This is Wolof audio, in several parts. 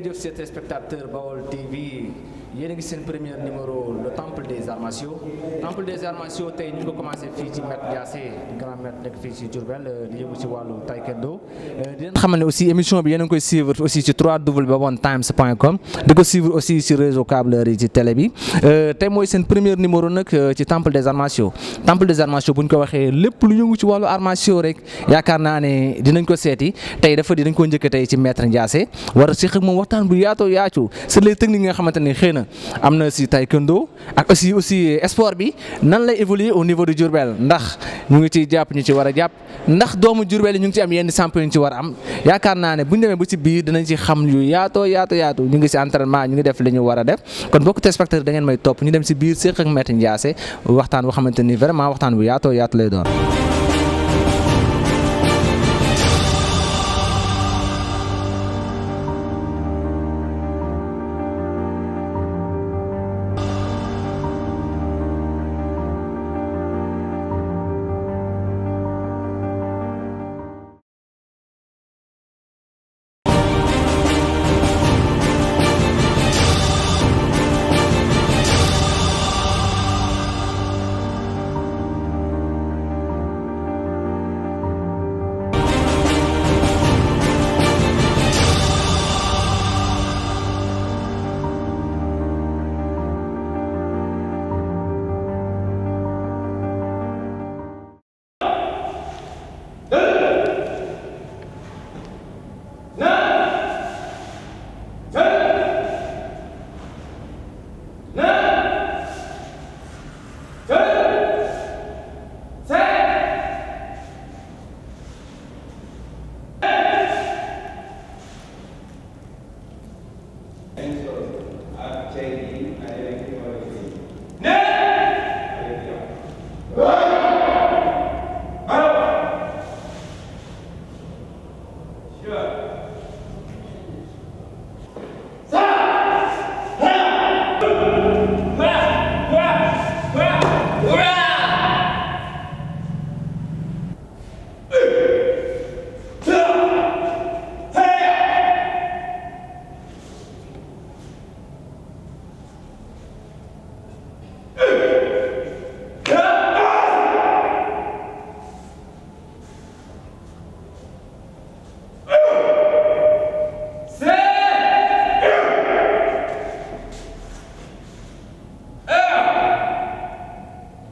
ngeen jëf seen téléspectateur Baol TV yéen a ngi seen premier numéro le temple des arts tey ñu ngi ko commencé fii ci maître Ndiassé grand maître nekk fii ci Diourbel euh, di yëngu ci wàllu taekwondo euh, di bi yéen a ngi koy suivre aussi ci www.times.com di ko suivre aussi ci réseau câbleur yi ci télé bi euh, bu ñu ko waxee lépp lu yëngu ci naa ne dinañ ko seeti tey dafa dinañ ko njëkk tey ci maître Ndiassé war a si xëy moom waxtaan bu yaatoo yaatu sur les techniques nga xamante ne na am na si taekwondo ak aussi aussi sport bi nan lay évoluer au niveau de Diourbel ndax ñu ngi ci jàpp ñu ci war a jàpp ndax doomu Diourbel yi ñu ngi ci am yenn champion ñu ci war am yaakaar naa ne bu ñu demee ba ci biir dinañ ci xam yu yaatoo yaatu yaatu ñu ngi si entraînement ñu ngi def li ñu war a def kon bokk téléspectateur da ngeen may topp ñu dem si biir séq ak Maître Ndiassé waxtaan boo xamante ni vraiment waxtaan bu yaatoo yaatu lay doon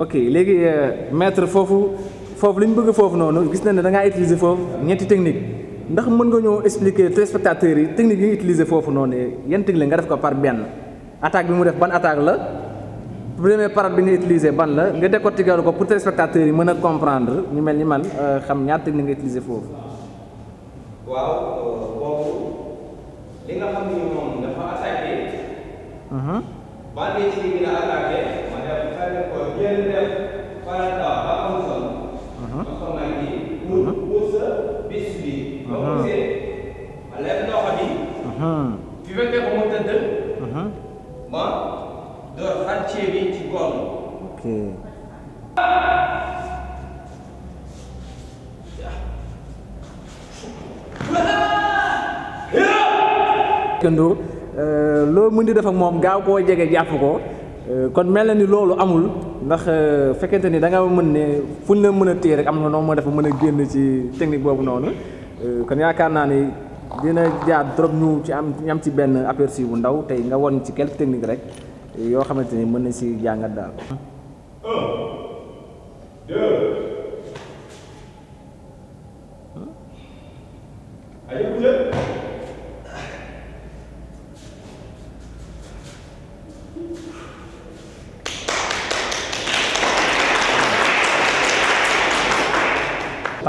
ok léegi euh, metre foofu foofu lu ñu bëgg foofu noonu gis nañ ne da ngaa utiliser foofu ñetti technique ndax mën nga ñoo expliquer téléspectateurs yi technique yi nga utiliser foofu noonu yan technique nga def ko par benn attaque bi mu def ban attaque la première parade bi nga utiliser ban la nga décortiquer ko pour téléspectateurs yi mën a comprendre ñu mel ni man euh, xam ñaar technique nga utiliser foofu. Euh, ni moom dafa Youssou uh-huh. uh-huh. uh-huh. Ndour uh, loo mën di def moom gaaw koo jege jàpp ko Euh, kon mel na ni loolu amul ndax euh, fekkente ni da nga mën ne fu ñu la mën a téye rek am na noo ma def mën a génn ci technique boobu noonu euh, kon yaakaar naa ni dina jaar trop ñu ci am ñu ci benn aperçu bu ndaw tey nga won ci quelques techniques rek yoo xamante ni mën na si jàngat daal.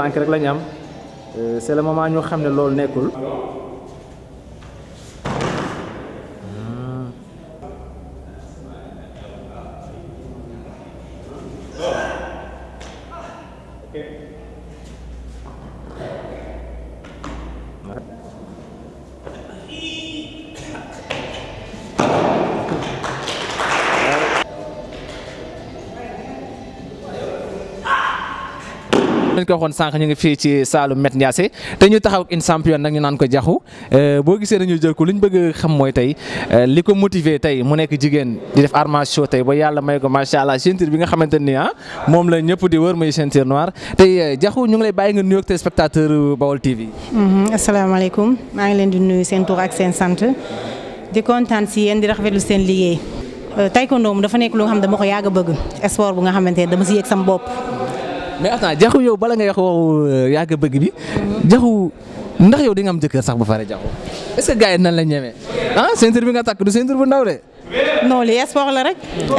tànk rek la ñu am euh, c'est le moment ñu xam ne loolu nekkul leen ko waxoon sànq ñu ngi fii ci Saalum Met Ndiassé te ñu taxaw ak une champion nag ñu naan ko jaxu euh, boo gisee nañu jël ko li bëgg xam mooy tey euh, li ko motiver tey mu nekk jigéen di def armation tey ba yàlla may ko macha allah ceinture bi nga xamante ni ah la ñëpp di wër muy ceinture noire tey jaxu euh, ñu ngi lay bàyyi nga nuyoog téléspectateur Baol TV. Mm-hmm. asalaamaaleykum maa ngi leen di nuyu seen seen sant di kontaan si yéen dafa nekk lu nga xam dama ko yàgg a bëgg sport bu nga xamante dama si yëg sam bopp mais attends jaxu yow bala ngay wax waxu euh, yàgg bëgg bi jaxu ndax yow di nga am jëkkër sax bu pare jaxu est ce que gars ah ceinture bi nga takk du ceinture bu ndaw de. non lii sport la rek.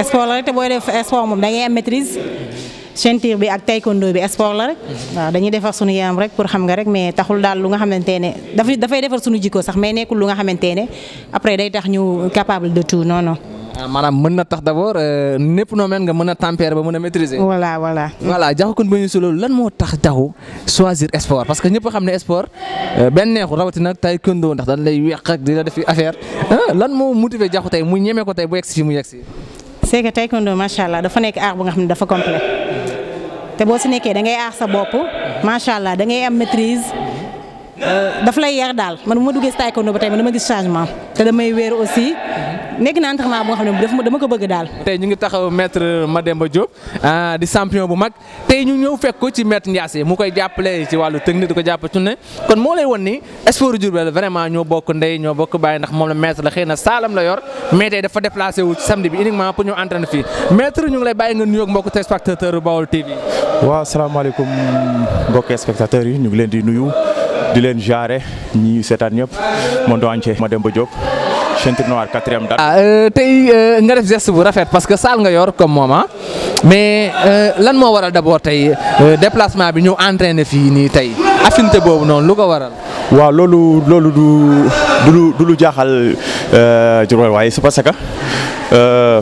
sport la rek te booy def sport moom da ngay am maîtrise. ceinture bi ak taekwondo bi sport la rek. waa dañuy defar sunu yaram rek pour xam nga rek mais taxul daal lu nga xamante ne dafay defar suñu jikko sax mais nekkul lu nga xamante ne après day tax ñu capable de tout non non. Euh, maanaam mën na tax d' euh, népp noo nga mën a tempérer ba mën a maîtriser. voilà voilà. jaxu kon ba ñu si lan moo tax jaxu choisir sport parce que ñëpp xam ne sport euh, benn neexu rawatina taekwondo ndax dañ lay weq ak di la def affaire lan moo motiver jaxu tey mu ñeme ko tey bu yegg si mu yegg si. c' est allah dafa nekk art bu nga xam ne dafa complet te boo si nekkee da ngay aar sa bopp macha allah da ngay am maîtrise. daf lay yar daal man bu ma duggee si taekwondo ba tey man dama gis changement nekk na entraînement bu nga xam ne daf dama ko bëgg daal. tey ñu ngi taxaw maître Mademba Diop ah, di champion bu mag tey ñu ñëw fekk ko ci maître Ndiassé mu koy jàppale ci wàllu technique di ko jàpp tunne kon moo lay won ni sport Diourbel vraiment ñoo bokk ndey ñoo bokk bàyyi ndax moom la metre la xëy na saalam la yor mais tey dafa déplacé wu samedi bi uniquement pour ñu entraîner fii maître ñu ngi lay bàyyi nga nuyoog mbokk téléspectateur Baol TV. waaw salaamaaleykum mbokki spectateurs yi ñu ngi leen di nuyu di leen jaare ñi seetaan ñëpp Monde entier Mademba Diop ceinture noire quatrième date. ah euh, tey euh, nga def geste bu rafet parce que saal nga yor comme moom ah mais euh, lan moo waral d'abord tey déplacement bi ñëw entraîné fii nii tey affinité boobu noonu lu ko waral. waaw loolu loolu du lu jaaxal Diourbel waaye c'est parce que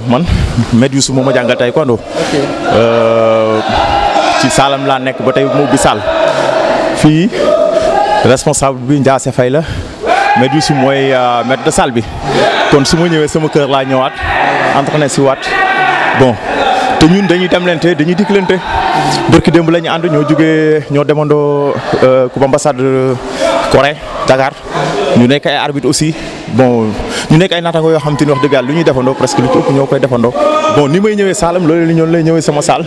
man Médoussou moom ma jàngal tey kondo ci saalam laa nekk ba tey mu ubbi saal fii responsable bi Ndiasse Faye la. maître Youssou mooy euh, maître de salle bi kon su ma ñëwee sama kër laa ñëwaat entraîné si waat bon te ñun dañuy demlante dañuy diklante bërki démb la ñu ànd ñoo jógee ñoo demandoo euh, coupe ambassade Corée Dakar ñu nekk ay arbitre aussi bon ñu nekk ay naataango yoo xam te ni wax dëgg lu ñuy defandoo presque lu ci ñoo koy defandoo bon ni may ñëwee saalam loolu la ñëwee sama saal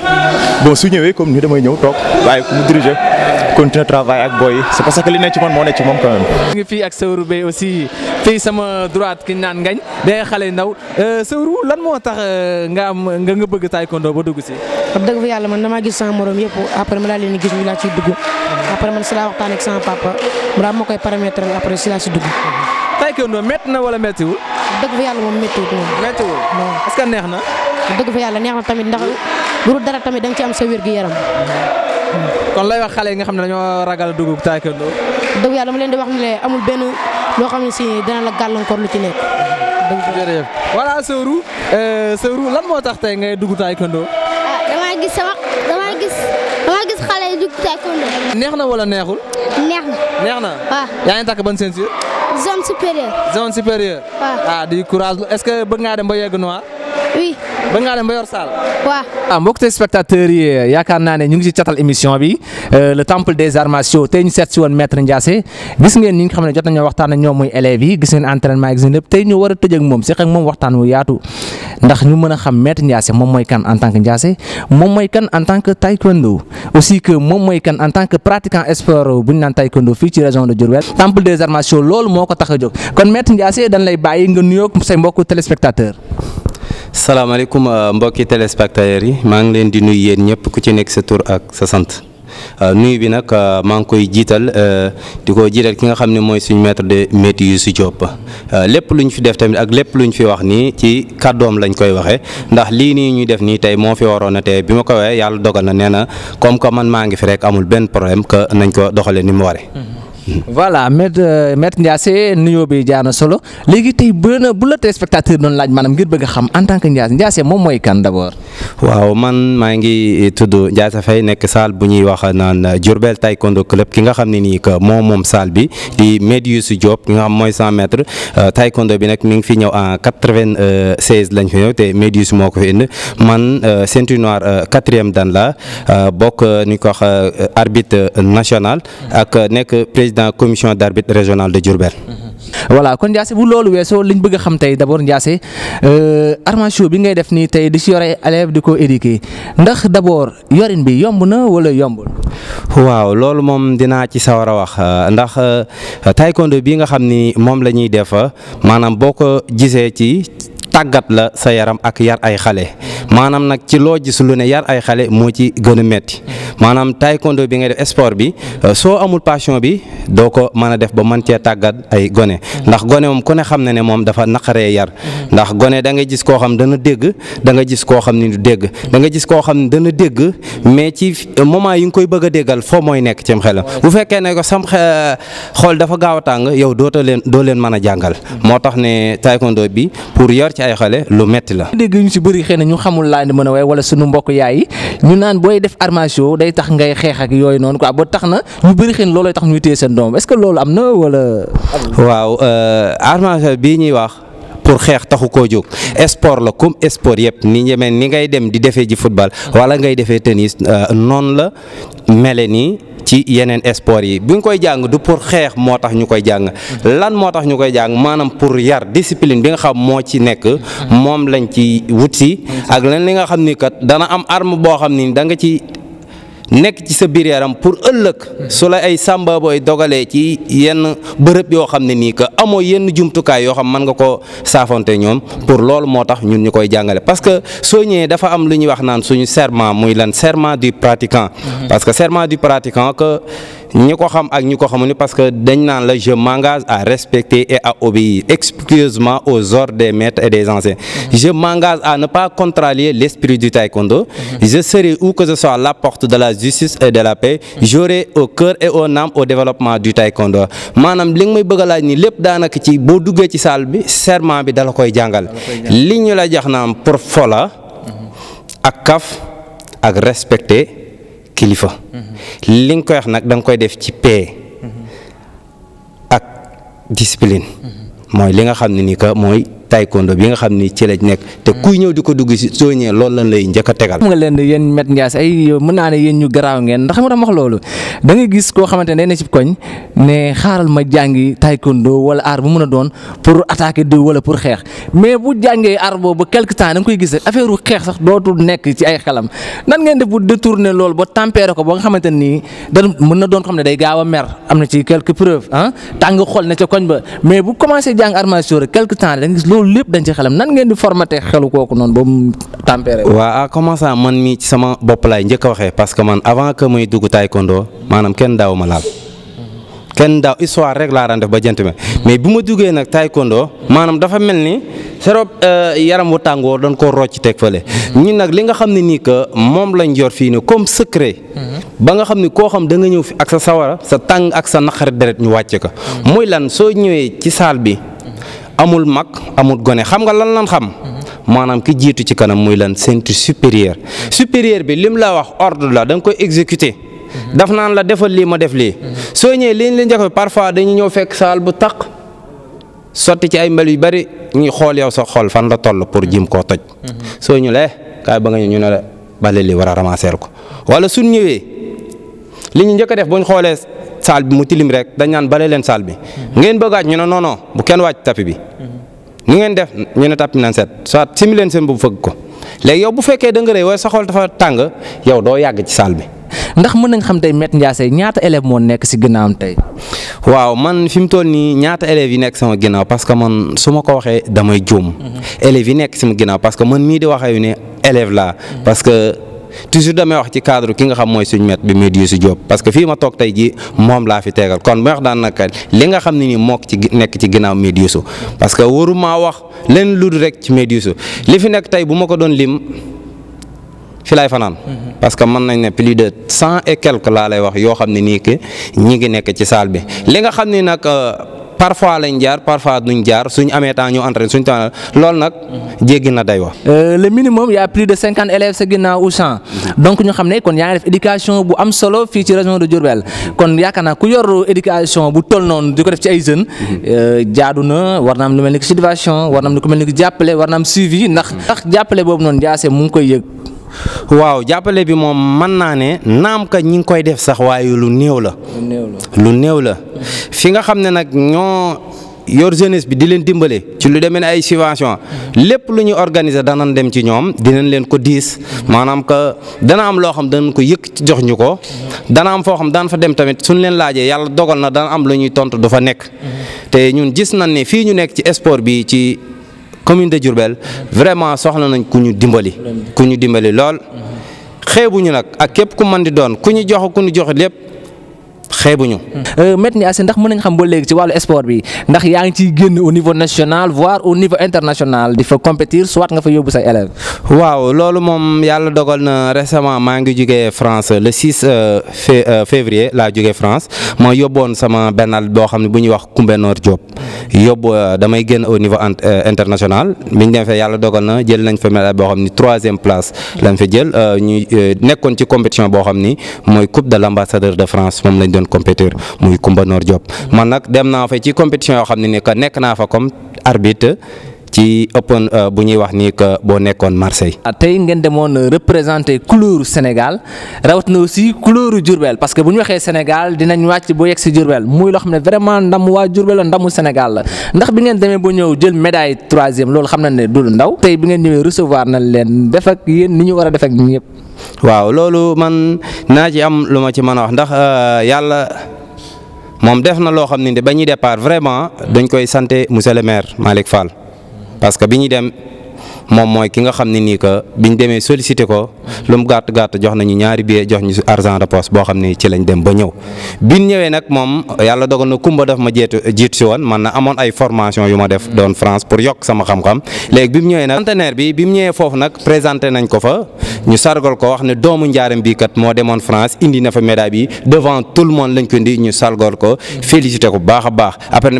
bon su ñëwee comme ni damay ñëw toog waaye ku mu diriger continuer travail ak boy yi c'est parce que li euh, lan moo tax euh, nga am nga nga bëgg taekwondo ba dugg si. wax yàlla man damaa ma laa leen gis ñu koy paramétrer après si laa si dugg. taekwondo métti na wala méttiwul. dëgg fa yàlla moom méttiwul moom. méttiwul moom est que neex na. dëgg fa yàlla neex na tamit ndax bu dul dara tamit da ci am sa wér gu yaram. kon lay wax xale yi nga xam ne dañoo ragal dugub taekwondo. dëgg yàlla mu leen di wax ne amul benn loo xam ne si dana la gàllankoor lu ci nekk. jërëjëf sa Sëwru euh, Sëwru lan moo tax tey ngay dugg taekwondo. ah damaa gis sama damaa damaa gis xale yi dugg neex na wala neexul. neex na na. waaw ah. yaa ngi takk ban zone supérieure. zone supérieure. waaw ah di courage est-ce que bëgg ngaa dem ba yegg noir. oui. ba ngaa dem ba saal. ah mbokk te spectateurs yaakaar naa ne ñu ngi ci catal émission bi euh, le temple des arts martiaux tey ñu seet si woon maître Ndiassé gis ngeen ñi nga xam ne jot nañoo waxtaan ak ñoom muy élèves yi gis ngeen entraînement yi gis ngeen lépp tey ñu war a tëj ak moom seq ak moom waxtaan wu yaatu ndax ñu mën xam maître Ndiassé moom mooy kan en tant que Ndiassé moom mooy que taekwondo aussi que moom mooy kan en tant que pratiquant sport bu ñu naan taekwondo fii ci région de Diourbel temple des arts martiaux loolu moo ko tax a lay bàyyi nga nuyoog say mbokku téléspectateurs salaamaaleykum euh, mbokki téléspectateurs yi maa ngi leen di nuyu yéen ñëpp ku ci nekk sa tur ak sa sant euh, nuy bi nag euh, maa ngi koy jiital di koo jiital ki nga xam ne mooy suñu maître de métier Youssou Diop lépp lu ñu fi def tamit ak lépp lu ñu fi wax nii ci kàddoom lañ koy waxee ndax lii nii ñuy def nii tey moo fi waroon a tey bi ma ko waxee yàlla dogal na nee na comme que man maa ngi fi rek amul benn problème que nañ ko doxalee ni mu waree. Mm-hmm. voilà maître euh, maître Ndiassé nuyoo bi jaar na solo léegi tey bëna bu la téléspectateur doon laaj maanaam ngir bëgg xam en tant que Ndiassé Ndiassé moom mooy kan d'abord. waaw man maa ngi tudd Ndiassé Faye nekk salle bu ñuy wax naan Diourbel taekwondo club ki nga xam ne nii que moom moom salle bi di Médius Diop ki nga xam mooy 100 mètres euh, taekwondo bi nag mi ngi fi ñëw en 96 lañ fi ñëw te Médius moo ko fi indi man euh, ceinture noir quatrième dan la bokk ñu ko wax arbitre national ak nekk président commission d' arbitre de Diourbel. voilà kon Ndiassé bu loolu weesoo liñ bëgg a xam tey d' abord Ndiassé euh, bi ngay def nii tey da si yore élève di ko éduquer ndax d' yorin bi yomb na wala yombul. waaw loolu moom dinaa ci sawar a wax euh, ndax euh, taekwondo bi nga xam ni moom la ñuy def maanaam boo ko gisee ci. tàggat la sa yaram ak yar ay xale maanaam nag ci loo gis lu ne yar ay xale moo ci gën a metti maanaam taekwondo bi ngay def sport bi euh, soo amul passion bi doo ko mën a def ba man cee tàggat ay gone ndax gone moom ku ne xam na ne moom dafa naqaree yar ndax gone da ngay gis koo xam dana dégg da nga gis xam ni du dégg da nga gis koo xam ne dana dégg mais ci moment yi nga koy bëgg a déggal foo mooy nekk cim xelam bu fekkee ne ko sam xool dafa gaaw a tàng yow doota doo leen mën a jàngal ci ay xale lu metti la. dégg ñu si bëri xëy na ñu xamul laa ni mën a way wala suñu mbokk yaay ñu naan booy def armation day tax ngay xeex ak yooyu noonu quoi ba tax na ñu bëri xëy na looloo tax ñuy téye seen doom est-ce que loolu am na wala. waaw euh, armation bii ñuy wax. pour xeex taxu koo jóg sport la comme sport yëpp ni ñemeen ni ngay dem di defee ji football wala ngay defee tennis euh, noonu la mele nii ci yeneen sport yi bu ñu koy jàng du pour xeex moo tax ñu koy jàng lan moo tax ñu koy jàng maanaam pour yar discipline bi nga xam moo ci nekk moom lañ ci wut si ak lan li nga xam ni kat dana am arme boo xam ni da ci nekk ci sa biir yaram pour ëllëg su la ay sàmba booy dogalee ci yenn bërëb yoo xam ne nii que amoo yenn jumtukaay yoo xam mën nga koo saafonte ñoom pour loolu moo tax ñun ñu koy jàngale parce que soo ñëwee dafa am lu ñuy wax naan suñu serment muy lan serment du pratiquant mm-hmm. parce que du pratiquant que ñi ko xam ak ñi ko xamu ni parce que dañ naan la je m'engage à respecter et à obéir exclusivement aux ordres des maîtres et des anciens mhm. je m'engage à ne pas contrarier l'esprit du taekwondo mhm. je serai où que ce soit à de la justice et de la paix mhm. j'aurai au cœur et au âme au développement du taekwondo maanaam li nga may bëgg a laaj ni lépp daanaka ci boo duggee ci salle bi serment bi dala koy jàngal li ñu la jax naam pour fola ak kaf ak respecter kilifa li nga koy wax nag danga koy def ci paix ak discipline mm-hmm. mooy li nga xam ne ni que mooy taekwondo bi nga xam ni ci lañ nekk te mm. kuy ñëw di ko dugg soo ñëwee loolu lan njëkk a tegal xam nga leen yéen met ngaas ay mën naa ne yéen ñu garaaw ngeen ndax ma ne bu mën a doon pour attaquer di wala pour xeex mais bu jàngee aar boobu ba tempérer ko na doon xam ne day gaaw a mer am na ci quelques preuves ah tàng xol ne ca koñ ba mais bu commencé jàng armation quelque temps da gis loolu loolu lépp dañ ci xelam nan ngeen di formaté xelu kooku noonu ba mu tempéré. waaw à commencer man mii ci sama bopp laay njëkk a waxee parce man avant que muy dugg taekwondo maanaam ma mais bu ma duggee nag taekwondo maanaam dafa mel ni serop euh, yaram wu tàngoor dañ koo rocc teg fële ñun nag li nga xam ne nii que moom lañ yor fii nii comme secret. Mhm. ba nga xam ne koo xam da nga ñëw fi ak sa sawara sa tàng ak sa naqari deret ñu wàcce ko. Mhm. muy lan soo ñëwee ci saal bi. amul mag amul gone xam nga lan lan xam maanaam ki jiitu ci kanam muy lan ceinture supérieure supérieure bi lim la wax ordre la da nga koy exécuter daf naan la defal lii ma def lii soo ñëwee liñ la parfois dañu ñëw fekk saal bu taq sotti ci ay mbel yu bari ñuy xool yow sa xol fan la toll pour jim koo toj soo ñu lee kaay ba ñu ne bale war a ramasser ko li ñu njëkk def buñ xoolee saal bi mu tilim rek dañ naan bale leen saal bi ngeen bëgg wàcc ñu ne non non bu kenn wàcc tapi bi ñu ngeen def ñu ne tapi nan set soit simi leen seen bu fëgg ko léegi yow bu fekkee da nga rëy waaye sa xol dafa tàng yow doo yàgg ci saal bi. ndax mën nañ xam tey Maître Ndiassé ñaata élèves moo nekk si ginnaawam tey. man yi nekk sama ginnaaw parce que man su ma ko waxee damay juum. Mhm. élèves yi nekk sama ginnaaw parce que man mii di waxee ne élève laa mhm. parce toujours damay wax ci cadre ki nga xam mooy suñ met bi muy Youssou parce que fii ma toog tey jii moom laa fi teegal kon may wax daan naka li nga xam ne nii mook ci nekk ci ginnaaw muy parce que waru maa wax leen lu rek ci muy li fi nekk tey bu ma ko doon lim fi lay fanaan mm-hmm. parce que mën nañ ne plus de cent et quelque laa lay wax yoo xam ne nii ki ñi ngi nekk ci saal bi li nga xam ne nag euh, parfois lañ jaar parfois duñ jaar suñ amee temps ñu entraîné suñ temps loolu nag jéggi na day wax euh, le minimum y' a plus de élèves sa ginnaaw ou cent donc ñu xam ne kon yaa ngi def éducation bu am solo fii ci région de Diourbel kon yaakaar naa ku yor éducation bu toll noonu di ko def ci ay jeunes euh, jaadu na war na am lu mel ni situation war lu mel ni jàppale war na am ndax ndax boobu noonu jaase mu koy yëg. waaw jàppale bi moom man naa ne naam ka ñi ngi koy def sax waaye lu néew la. lu néew la fi nga xam ne nag ñoo yor jeunesse bi di leen dimbale ci lu demee ne ay subvention lépp lu ñu organiser danañ dem ci ñoom dinañ leen ko diis maanaam dana am loo xam danañ ko yëkk ci jox ñu ko dana am foo xam daan fa dem tamit suñ leen laajee yàlla dogal na dana am lu ñuy tontu du fa nekk te ñun gis nañ ne fii ñu nekk ci sport bi ci. commune de Diourbel vraiment soxla nañ ku ñu dimbali ku ñu dimbali lool xeebuñu nag ak képp ku mën di doon ku ñu jox ku ñu jox lépp xeebuñu. Euh, Maître Ndiaye Sène ndax mën nañ xam ba léegi ci wàllu sport bi ndax yaa ngi ciy génn au niveau national voire au niveau international di fa compétir soit nga fa yóbbu say dogal na récemment maa ngi jugee France le 6 euh, euh, février laa jugee France ma yóbboon sama benn boo xam ne bu ñuy wax Koumba Noor Diop yóbbu damay génn au niveau international biñ dem fee yàlla dogal na jël nañ fa médaille boo xam ni troisième place lañ fa jël nekkoon ci compétition boo xam ni mooy coupe de l'ambassadeur de France moom lañ doon jeune compétiteur muy Koumba Noor Diop man fa ci compétition yoo xam ni nekk naa fa comme arbitre ci open euh, bu ñuy wax nii que boo nekkoon Marseille. Ah, tey ngeen demoon représenter couleur Sénégal rawat na aussi couleur Diourbel parce que bu ñu waxee Sénégal dinañ wàcc bu yegg si Diourbel muy loo xam ne vraiment ndamu waa Diourbel ndamu Sénégal la ndax bi ngeen demee ba ñëw jël médaille troisième loolu xam na ne du ndaw tey bi ngeen ñëwee recevoir nañ leen def ak yéen ni ñu war a def ak waaw loolu man naa ci am lu ma ci mën a wax ndax euh, yàlla. moom def na loo xam ne ba ñuy départ vraiment dañ koy santé monsieur le maire Malick parce que bi ñu dem moom mooy ki nga xam ne nii que bi ñu demee sollicité ko lu mu gàtt gàtt jox nañu ñaari billet jox ñu si argent de poche boo xam ne ci lañ dem ba ñëw bi ñu ñëwee nag moom yàlla dogal na kumba daf ma jeetu jiit si woon man na amoon ay formation yu ma def doon France pour yokk sama xam-xam léegi bi mu ñëwee nag centenaire bi bi mu ñëwee foofu nag présenté nañ ko fa ñu sargal ko wax ne doomu njaaram bii kat moo demoon France indi na fa médaille bi devant tout le monde lañ ko indi ñu sargal ko félicité ko baax a baax après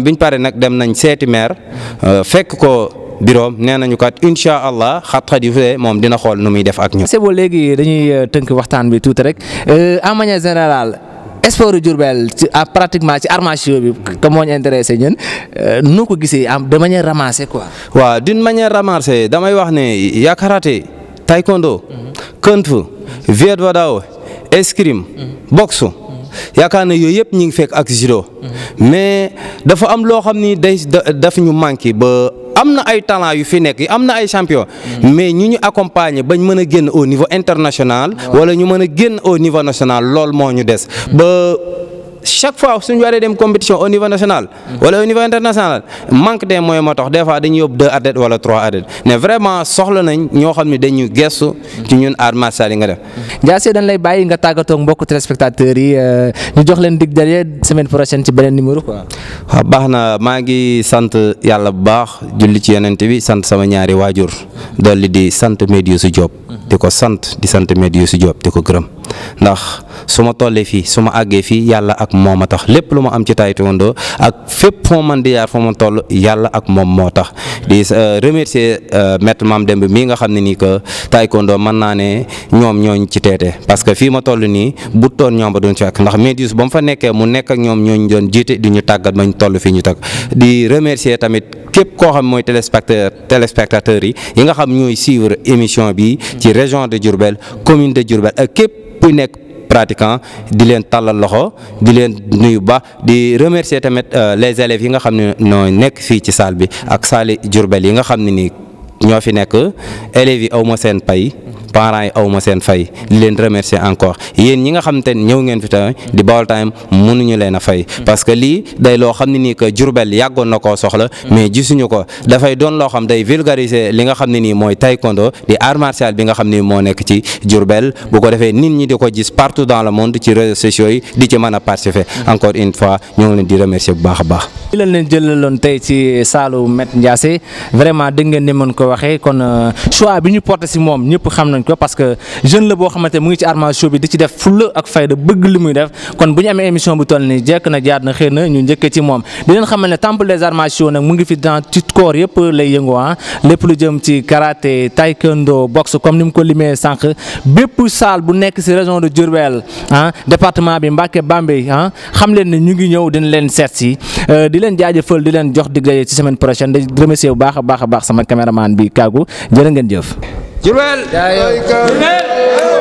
nag dem nañ seeti maire euh, fekk ko. biroom nee nañu kat incha allah xat-xat yu fee moom dina xool nu muy def ak ñun. c'est bon léegi dañuy euh, tënk waxtaan bi tuuti rek euh, en manière générale sport Diourbel ci pratiquement ci arts bi te moo ñu ñun euh, noo ko gisee de manière ramassée quoi. waaw d'une manière ramassée damay wax ne ya karaté taekwondo. Mhm. kung viet vo escrime. Mhm. boxe. yaakaar na yooyu yëpp ñu ngi fekk ak judo mais dafa am loo xam ni day daf ñu manqué ba am na ay talent yu fi nekk am na ay champion mais ñu ñu accompagner bañ mën a génn au niveau international wala ñu mën a génn au niveau national lool moo ñu des ba chaque fois suñu waree dem compétition au niveau national wala au niveau international manque des moyens moo tax des fois deux athlètes wala trois athlètes mais vraiment soxla nañ ñoo xam ne dañu gestu ci ñun art martial yi nga def. Ndiassé dañ lay bàyyi nga tàggatoo ak mbokku téléspectateurs yi euh, ñu jox leen dig daje semaine prochaine ci beneen numéro quoi. waaw baax na maa sant yàlla bu baax julli ci yonent bi sant sama ñaari waajur dolli di sant Medioussou Diop. di ko sant di sant Medioussou Diop di ko gërëm ndax moom a tax lépp lu ma am ci taekwondo ak fépp foo man di yaar foo ma toll yàlla ak moom moo tax di euh, remercier euh, maître Mame Demba mii nga xam ne nii que taekwondo mën naa ne ñoom ñooñ ci teete parce que fii ma toll nii bu toon ñoom ba doon ci ak ndax Médis ba mu fa nekkee mu nekk ak ñoom ñooñ doon jiite di ñu tàggat mañ toll fii ñu tag di remercier tamit képp koo xam mooy téléspectateur téléspectateurs yi yi nga xam ñooy suivre émission bi ci région d Diourbel commune de Diourbel ak képp ku nekk pratiquants di leen tàllal loxo di leen nuyu baax di remercier tamit euh, les élèves yi nga xam ne ñoo nekk fii ci saal bi ak saali Diourbel yi nga xam ne nii ñoo fi nekk élèves yi aw ma seen pay parents yi aw seen fay li leen remercier encore yéen ñi nga xam te ñëw ngeen fi tamit di Baol Times mënuñu leen a fay parce que lii day loo xam ne nii que yàggoon na koo soxla mais gisuñu ko dafay doon loo xam day vulgariser li nga xam ne nii mooy taekwondo di art bi nga xam ne moo nekk ci Jurbel bu ko defee nit ñi di ko gis partout dans le monde ci réseaux sociaux yi di ci mën a participer encore une fois ñoo ngi leen di remercier bu baax a baax. waxee kon euh, choix bi ñu porté si moom ñëpp xam nañ ko parce que jeune la boo xamante mu ngi ci Arma bi di ci def fulla ak fayda bëgg li muy def kon bu ñu amee émission bu toll nii jekk na jaar na xëy na ñu njëkkee ci moom di leen xamal ne temple des Arma nag mu ngi fi dans ci corps yëpp lay yëngu ah. lépp lu jëm ci karaté taekwondo boxe comme ni mu ko limee sànq bépp salle bu nekk si région de Diourbel ah bi Mbacké Bambey ah, xam leen ne ñu ngi euh, a a bi kaagu jërë ngeen jëf. Jurbel